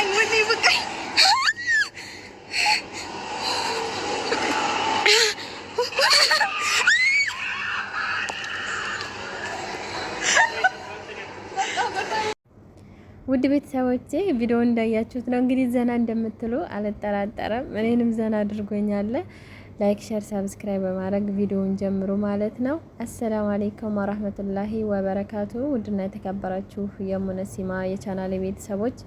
በቃኝ፣ ወይኔ በቃኝ። ውድ ቤተሰቦቼ ቪዲዮ እንዳያችሁት ነው እንግዲህ ዘና እንደምትሉ አልጠራጠረም። እኔንም ዘና አድርጎኛል። ላይክ፣ ሼር፣ ሳብስክራይብ በማድረግ ቪዲዮውን ጀምሩ ማለት ነው። አሰላሙ አሌይኩም ወራህመቱላሂ ወበረካቱ። ውድና የተከበራችሁ የሙነሲማ የቻናሌ ቤተሰቦች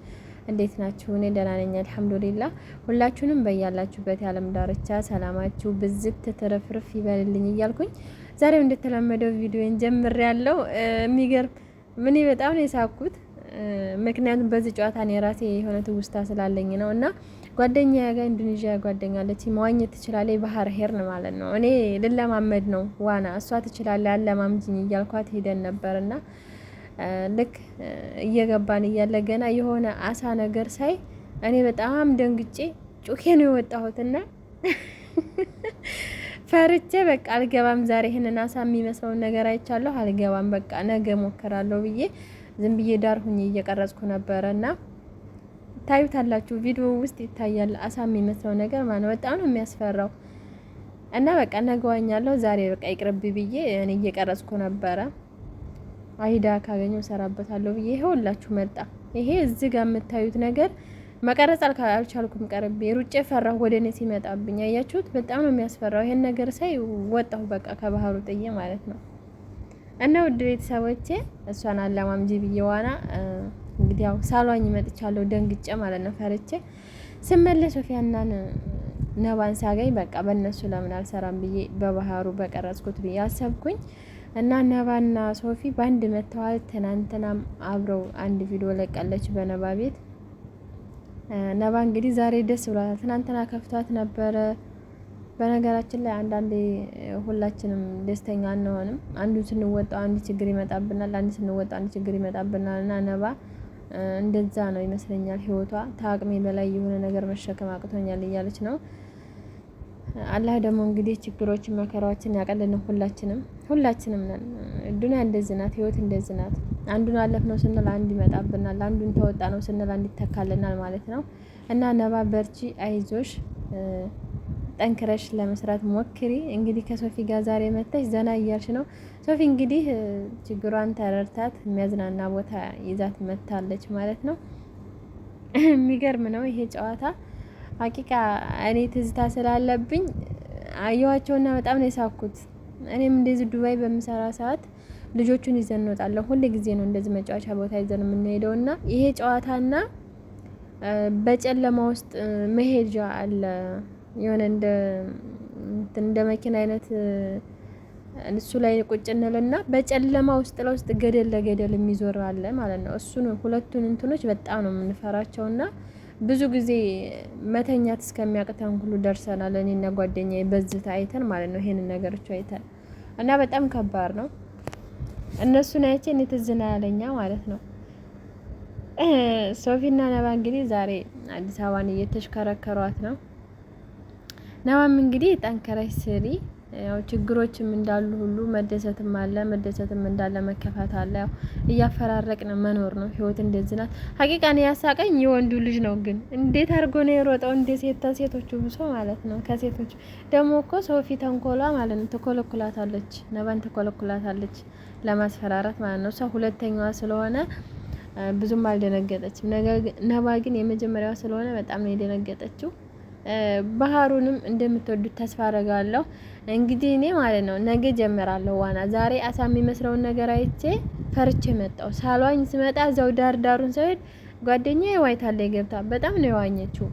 እንዴት ናችሁ? እኔ ደህና ነኝ፣ አልሐምዱሊላ። ሁላችሁንም በያላችሁበት የዓለም ዳርቻ ሰላማችሁ ብዝት ትርፍርፍ ይበልልኝ እያልኩኝ ዛሬ እንደተለመደው ቪዲዮን ጀምር ያለው የሚገርም ምን በጣም ነው የሳኩት። ምክንያቱም በዚህ ጨዋታ እኔ ራሴ የሆነ ትውስታ ስላለኝ ነው እና ጓደኛ ጋር ኢንዶኔዥያ ጓደኛለች መዋኘት ትችላለች። ባህር ሄርን ማለት ነው። እኔ ልለማመድ ነው ዋና፣ እሷ ትችላለች አለማምጅኝ እያልኳት ሄደን ነበርና ልክ እየገባን እያለ ገና የሆነ አሳ ነገር ሳይ እኔ በጣም ደንግጬ ጩኬ ነው የወጣሁትና ፈርቼ በቃ አልገባም። ዛሬ ይህንን አሳ የሚመስለውን ነገር አይቻለሁ፣ አልገባም፣ በቃ ነገ ሞከራለሁ ብዬ ዝም ብዬ ዳር ሁኜ እየቀረጽኩ ነበረ እና ታዩታላችሁ፣ ቪዲዮ ውስጥ ይታያል አሳ የሚመስለው ነገር ማለት በጣም ነው የሚያስፈራው። እና በቃ ነገዋኛለሁ ዛሬ በቃ ይቅርብ ብዬ እኔ እየቀረጽኩ ነበረ። አይዳ ካገኘው ሰራበታለሁ ብዬ ሁላችሁ መጣ። ይሄ እዚህ ጋር የምታዩት ነገር መቀረጽ አልቻልኩም። ቀርቤ ሩጬ ፈራሁ፣ ወደ እኔ ሲመጣብኝ አያችሁት። በጣም ነው የሚያስፈራው። ይሄን ነገር ሳይ ወጣሁ በቃ ከባህሩ ጥዬ ማለት ነው። እና ውድ ቤተሰቦቼ እሷን አላማምጂ ብዬ ዋና እንግዲህ ያው ሳሏኝ መጥቻለሁ፣ ደንግጬ ማለት ነው፣ ፈርቼ ስመለስ ሶፊያናን ነባን ሳገኝ በቃ በእነሱ ለምን አልሰራም ብዬ በባህሩ በቀረጽኩት ብዬ አሰብኩኝ። እና ነባና ሶፊ በአንድ መተዋል። ትናንትናም አብረው አንድ ቪዲዮ ለቃለች በነባ ቤት። ነባ እንግዲህ ዛሬ ደስ ብሏታል። ትናንትና ከፍቷት ነበረ። በነገራችን ላይ አንዳንዴ ሁላችንም ደስተኛ አንሆንም። አንዱ ስንወጣው አንድ ችግር ይመጣብናል፣ አንድ ስንወጣ አንድ ችግር ይመጣብናል። እና ነባ እንደዛ ነው ይመስለኛል ህይወቷ። ከአቅሜ በላይ የሆነ ነገር መሸከም አቅቶኛል እያለች ነው። አላህ ደግሞ እንግዲህ ችግሮችን መከራዎችን ያቀልልን። ሁላችንም ሁላችንም ነን። ዱንያ እንደዚህ ናት፣ ህይወት እንደዚህ ናት። አንዱን አለፍ ነው ስንል አንድ ይመጣብናል፣ አንዱን ተወጣ ነው ስንል አንድ ይተካልናል ማለት ነው። እና ነባ በርቺ፣ አይዞሽ፣ ጠንክረሽ ለመስራት ሞክሪ። እንግዲህ ከሶፊ ጋር ዛሬ መተሽ ዘና እያልሽ ነው። ሶፊ እንግዲህ ችግሯን ተረድታት የሚያዝናና ቦታ ይዛት መታለች ማለት ነው። የሚገርም ነው ይሄ ጨዋታ ሀቂቃ እኔ ትዝታ ስላለብኝ አየዋቸውና በጣም ነው የሳኩት። እኔም እንደዚህ ዱባይ በምሰራ ሰዓት ልጆቹን ይዘን እንወጣለን። ሁሌ ጊዜ ነው እንደዚህ መጫወቻ ቦታ ይዘን የምንሄደው እና ይሄ ጨዋታና በጨለማ ውስጥ መሄጃ አለ የሆነ እንደ እንደ መኪና አይነት እሱ ላይ ቁጭ እንልና በጨለማ ውስጥ ለውስጥ ገደል ለገደል የሚዞር አለ ማለት ነው። እሱን ሁለቱን እንትኖች በጣም ነው የምንፈራቸውና ብዙ ጊዜ መተኛት እስከሚያቅተን ሁሉ ደርሰናል። እኔና ጓደኛ በዝት አይተን ማለት ነው ይሄንን ነገሮች አይተን እና በጣም ከባድ ነው። እነሱን አይቼ እኔ ትዝ ነው ያለኛ ማለት ነው። ሶፊና ነባ እንግዲህ ዛሬ አዲስ አበባን እየተሽከረከሯት ነው። ነባም እንግዲህ ጠንከረሽ ስሪ ያው ችግሮችም እንዳሉ ሁሉ መደሰትም አለ፣ መደሰትም እንዳለ መከፋት አለ። ያው እያፈራረቅን መኖር ነው ህይወት። እንደዚህ ናት ሀቂቃን። ያሳቀኝ የወንዱ ልጅ ነው ግን እንዴት አድርጎ ነው የሮጠው? እንደ ሴት ሴቶቹ ብሶ ማለት ነው። ከሴቶቹ ደግሞ እኮ ሶፊ ተንኮሏ ማለት ነው ትኮለኩላታለች፣ ነባን ትኮለኩላታለች ለማስፈራራት ማለት ነው። እሷ ሁለተኛዋ ስለሆነ ብዙም አልደነገጠችም። ነባ ግን የመጀመሪያዋ ስለሆነ በጣም ነው የደነገጠችው። ባህሩንም እንደምትወዱት ተስፋ አደርጋለሁ። እንግዲህ እኔ ማለት ነው ነገ ጀምራለሁ ዋና። ዛሬ አሳ የሚመስለውን ነገር አይቼ ፈርቼ መጣው ሳሏኝ ስመጣ እዛው ዳርዳሩን ዳሩን ጓደኛ ዋይታለ ገብታ በጣም ነው የዋኘችው።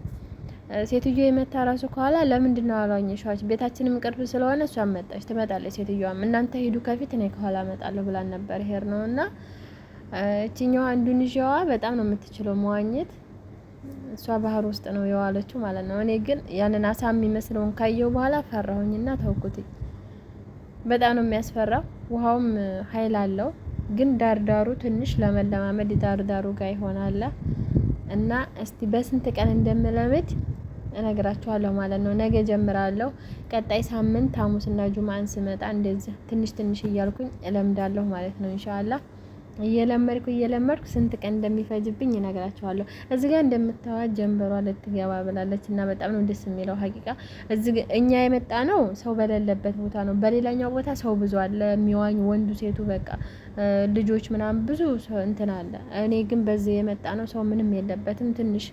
ሴትዮ የመታ ራሱ ከኋላ ለምንድን ነው አልዋኘሽዋች? ቤታችንም ቅርብ ስለሆነ እሷ መጣች ትመጣለች። ሴትዮዋም እናንተ ሂዱ ከፊት እኔ ከኋላ መጣለሁ ብላን ነበር። ሄር ነው እና እችኛዋ እንዱንዣዋ በጣም ነው የምትችለው መዋኘት እሷ ባህር ውስጥ ነው የዋለችው ማለት ነው። እኔ ግን ያንን አሳ የሚመስለውን ካየው በኋላ ፈራሁኝና ተውኩት። በጣም ነው የሚያስፈራው። ውሃውም ኃይል አለው፣ ግን ዳርዳሩ ትንሽ ለመለማመድ ዳርዳሩ ጋር ይሆናል እና እስቲ በስንት ቀን እንደምለምድ እነግራችኋለሁ ማለት ነው። ነገ ጀምራለሁ። ቀጣይ ሳምንት ሐሙስና ጁማን ስመጣ እንደዚህ ትንሽ ትንሽ እያልኩኝ እለምዳለሁ ማለት ነው ኢንሻአላህ። እየለመድኩ እየለመድኩ ስንት ቀን እንደሚፈጅብኝ እነግራችኋለሁ። እዚህ ጋር እንደምታዋት ጀንበሯ ልትገባ ብላለች እና በጣም ነው ደስ የሚለው ሀቂቃ። እኛ የመጣ ነው ሰው በሌለበት ቦታ ነው። በሌላኛው ቦታ ሰው ብዙ አለ፣ የሚዋኝ ወንዱ፣ ሴቱ በቃ ልጆች ምናምን ብዙ እንትን አለ። እኔ ግን በዚህ የመጣ ነው ሰው ምንም የለበትም። ትንሽ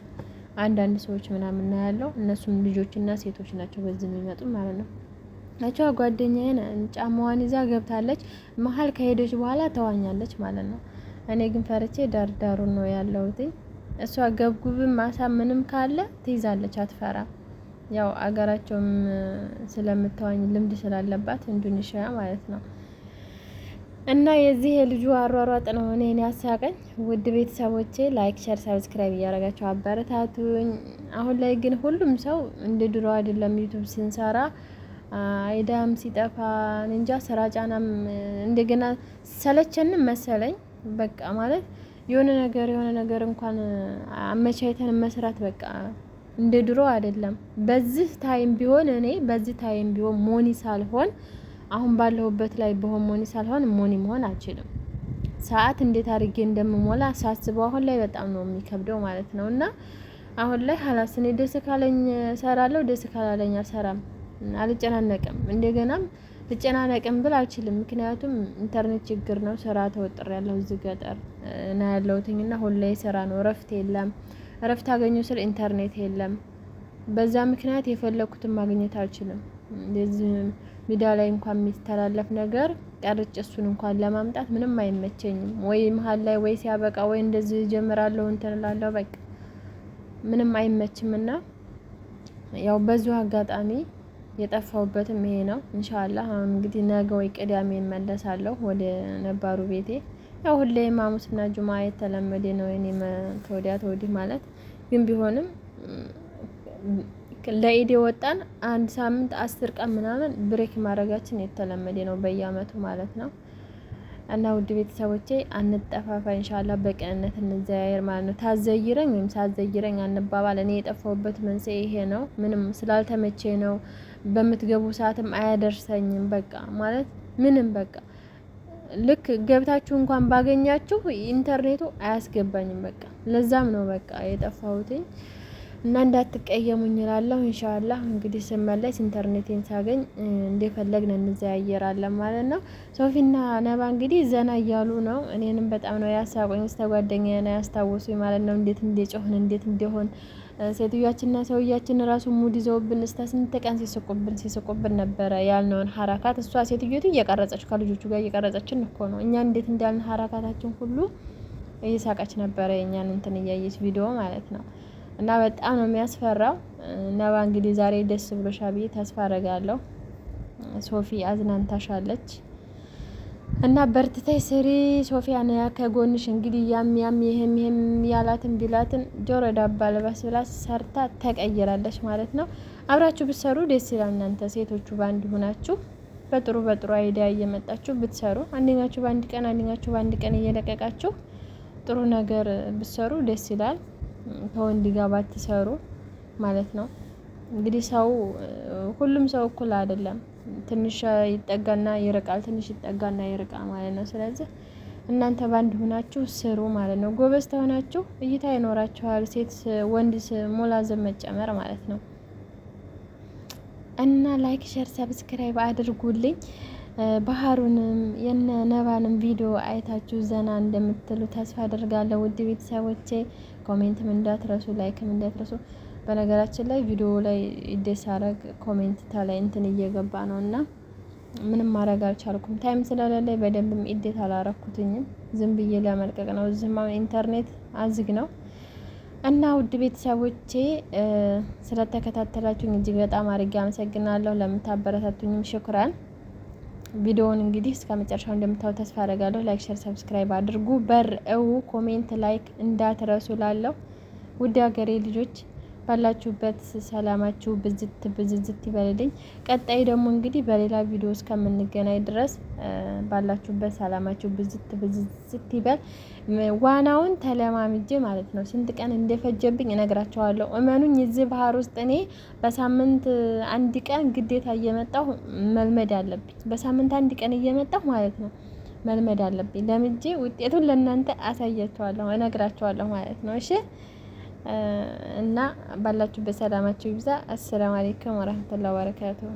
አንዳንድ ሰዎች ምናምን ያለው እነሱም ልጆችና ሴቶች ናቸው በዚህ የሚመጡ ማለት ነው። ናቸዋ ጓደኛዬን ጫማዋን ይዛ ገብታለች። መሀል ከሄደች በኋላ ተዋኛለች ማለት ነው። እኔ ግን ፈርቼ ዳርዳሩ ነው ያለሁት። እሷ ገብጉብም ማሳ ምንም ካለ ትይዛለች፣ አትፈራ ያው አገራቸውም ስለምተዋኝ ልምድ ስላለባት ኢንዶኔሽያ ማለት ነው። እና የዚህ የልጁ አሯሯጥ ነው እኔን ያሳቀኝ። ውድ ቤተሰቦቼ ላይክ፣ ሸር፣ ሰብስክራይብ እያደረጋቸው አበረታቱኝ። አሁን ላይ ግን ሁሉም ሰው እንደ ድሮ አይደለም ዩቱብ ስንሰራ አይዳም ሲጠፋ እንጃ ስራ ጫናም እንደገና ሰለቸንም መሰለኝ። በቃ ማለት የሆነ ነገር የሆነ ነገር እንኳን አመቻይተን መስራት በቃ እንደ ድሮ አይደለም። በዚህ ታይም ቢሆን እኔ በዚህ ታይም ቢሆን ሞኒ ሳልሆን አሁን ባለሁበት ላይ በሆን ሞኒ ሳልሆን ሞኒ መሆን አልችልም። ሰዓት እንዴት አድርጌ እንደምሞላ ሳስበው አሁን ላይ በጣም ነው የሚከብደው ማለት ነው። እና አሁን ላይ ሀላስ እኔ ደስ ካለኝ እሰራለሁ፣ ደስ ካላለኝ አልሰራም። አልጨናነቅም። እንደገናም ልጨናነቅም ብል አልችልም። ምክንያቱም ኢንተርኔት ችግር ነው። ስራ ተወጥር ያለው እዚህ ገጠር እና ና ሁን ላይ ስራ ነው። እረፍት የለም። እረፍት አገኘ ስል ኢንተርኔት የለም። በዛ ምክንያት የፈለግኩትን ማግኘት አልችልም። እንደዚህ ሚዲያ ላይ እንኳን የሚተላለፍ ነገር ቀርጭ እሱን እንኳን ለማምጣት ምንም አይመቸኝም። ወይ መሀል ላይ ወይ ሲያበቃ ወይ እንደዚህ ጀምራለሁ እንትንላለሁ በቃ ምንም አይመችምና ያው በዚሁ አጋጣሚ የጠፋሁበትም ይሄ ነው። እንሻላ አሁን እንግዲህ ነገ ወይ ቅዳሜ እመለሳለሁ ወደ ነባሩ ቤቴ። ያው ሁሌም ማሙስና ጁማ የተለመደ ነው የኔ ተወዲያ ተወዲህ ማለት ግን ቢሆንም ለኢድ ወጣን አንድ ሳምንት አስር ቀን ምናምን ብሬክ ማድረጋችን የተለመደ ነው በየአመቱ ማለት ነው። እና ውድ ቤተሰቦቼ አንጠፋፋ እንሻላ በቅንነት እንዘያየር ማለት ነው። ታዘይረኝ ወይም ሳዘይረኝ አንባባል። እኔ የጠፋሁበት መንስኤ ይሄ ነው። ምንም ስላልተመቼ ነው በምትገቡ ሰዓትም አያደርሰኝም። በቃ ማለት ምንም በቃ ልክ ገብታችሁ እንኳን ባገኛችሁ ኢንተርኔቱ አያስገባኝም። በቃ ለዛም ነው በቃ የጠፋሁትኝ እና እንዳትቀየሙኝ እላለሁ። ኢንሻአላህ እንግዲህ ስመለስ ኢንተርኔቴን ሳገኝ እንደፈለግን እንዘያየራለን ማለት ነው። ሶፊና ነባ እንግዲህ ዘና እያሉ ነው። እኔንም በጣም ነው ያሳቆኝ። ስተጓደኛ ነው ያስታወሱኝ ማለት ነው። እንዴት እንደጮህን እንዴት እንደሆን ሴትዮችንና ሰውያችን ራሱ ሙድ ይዘውብን እስከ ስንት ቀን ሲስቁብን ሲስቁብን ነበረ ያልነውን ሀረካት እሷ ሴትዮቱ እየቀረጸች ከልጆቹ ጋር እየቀረጸችን እኮ ነው። እኛ እንዴት እንዳልን ሀራካታችን ሁሉ እየሳቀች ነበረ የእኛን እንትን እያየች ቪዲዮ ማለት ነው። እና በጣም ነው የሚያስፈራው። ነባ እንግዲህ ዛሬ ደስ ብሎሻ ብዬ ተስፋ አረጋለሁ። ሶፊ አዝናንታሻለች። እና በርትተሽ ስሪ ሶፊያን ከጎንሽ እንግዲህ ያም ያም ይሄም ይሄም ያላትን ቢላትን ጆሮ ዳባ ልበስ ብላ ሰርታ ተቀይራለች ማለት ነው። አብራችሁ ብትሰሩ ደስ ይላል። እናንተ ሴቶቹ በአንድ ሁናችሁ በጥሩ በጥሩ አይዲያ እየመጣችሁ ብትሰሩ አንደኛችሁ ባንድ ቀን አንደኛችሁ በአንድ ቀን እየለቀቃችሁ ጥሩ ነገር ብትሰሩ ደስ ይላል። ከወንድ ጋር ባትሰሩ ማለት ነው። እንግዲህ ሰው ሁሉም ሰው እኩል አይደለም። ትንሽ ይጠጋና ይርቃል፣ ትንሽ ይጠጋና ይርቃል ማለት ነው። ስለዚህ እናንተ ባንድ ሆናችሁ ስሩ ማለት ነው። ጎበዝ ተሆናችሁ እይታ ይኖራችኋል። ሴት ወንድ ሞላዘብ መጨመር ማለት ነው። እና ላይክ፣ ሸር፣ ሰብስክራይብ አድርጉልኝ። ባህሩንም የነ ነባንም ቪዲዮ አይታችሁ ዘና እንደምትሉ ተስፋ አድርጋለሁ። ውድ ቤተሰቦቼ ኮሜንትም እንዳትረሱ፣ ላይክም እንዳትረሱ። በነገራችን ላይ ቪዲዮ ላይ ኢዴት ሳረግ ኮሜንት ታላይ እንትን እየገባ ነው እና ምንም ማድረግ አልቻልኩም። ታይም ስለሌለ በደንብም ኢዴት አላረኩትኝም። ዝም ብዬ ለመልቀቅ ነው። እዚህማ ኢንተርኔት አዝግ ነው እና ውድ ቤተሰቦቼ ስለተከታተላችሁኝ እጅግ በጣም አድርጌ አመሰግናለሁ። ለምታበረታቱኝም ሽኩራን። ቪዲዮውን እንግዲህ እስከ መጨረሻው እንደምታው ተስፋ አደርጋለሁ። ላይክ፣ ሼር፣ ሰብስክራይብ አድርጉ። በር እው ኮሜንት ላይክ እንዳትረሱ ላለው ውድ ሀገሬ ልጆች ባላችሁበት ሰላማችሁ ብዝት ብዝዝት ይበልልኝ። ቀጣይ ደግሞ እንግዲህ በሌላ ቪዲዮ እስከምንገናኝ ድረስ ባላችሁበት ሰላማችሁ ብዝት ብዝዝት ይበል። ዋናውን ተለማምጄ ማለት ነው ስንት ቀን እንደፈጀብኝ እነግራቸዋለሁ። እመኑኝ፣ እዚህ ባህር ውስጥ እኔ በሳምንት አንድ ቀን ግዴታ እየመጣሁ መልመድ አለብኝ። በሳምንት አንድ ቀን እየመጣሁ ማለት ነው መልመድ አለብኝ። ለምጄ ውጤቱን ለእናንተ አሳያቸዋለሁ፣ እነግራቸዋለሁ ማለት ነው። እሺ እና ባላችሁበት ሰላማችሁ ይብዛ። አሰላሙ አሌይኩም ወረህመቱላሂ ወበረካቱሁ።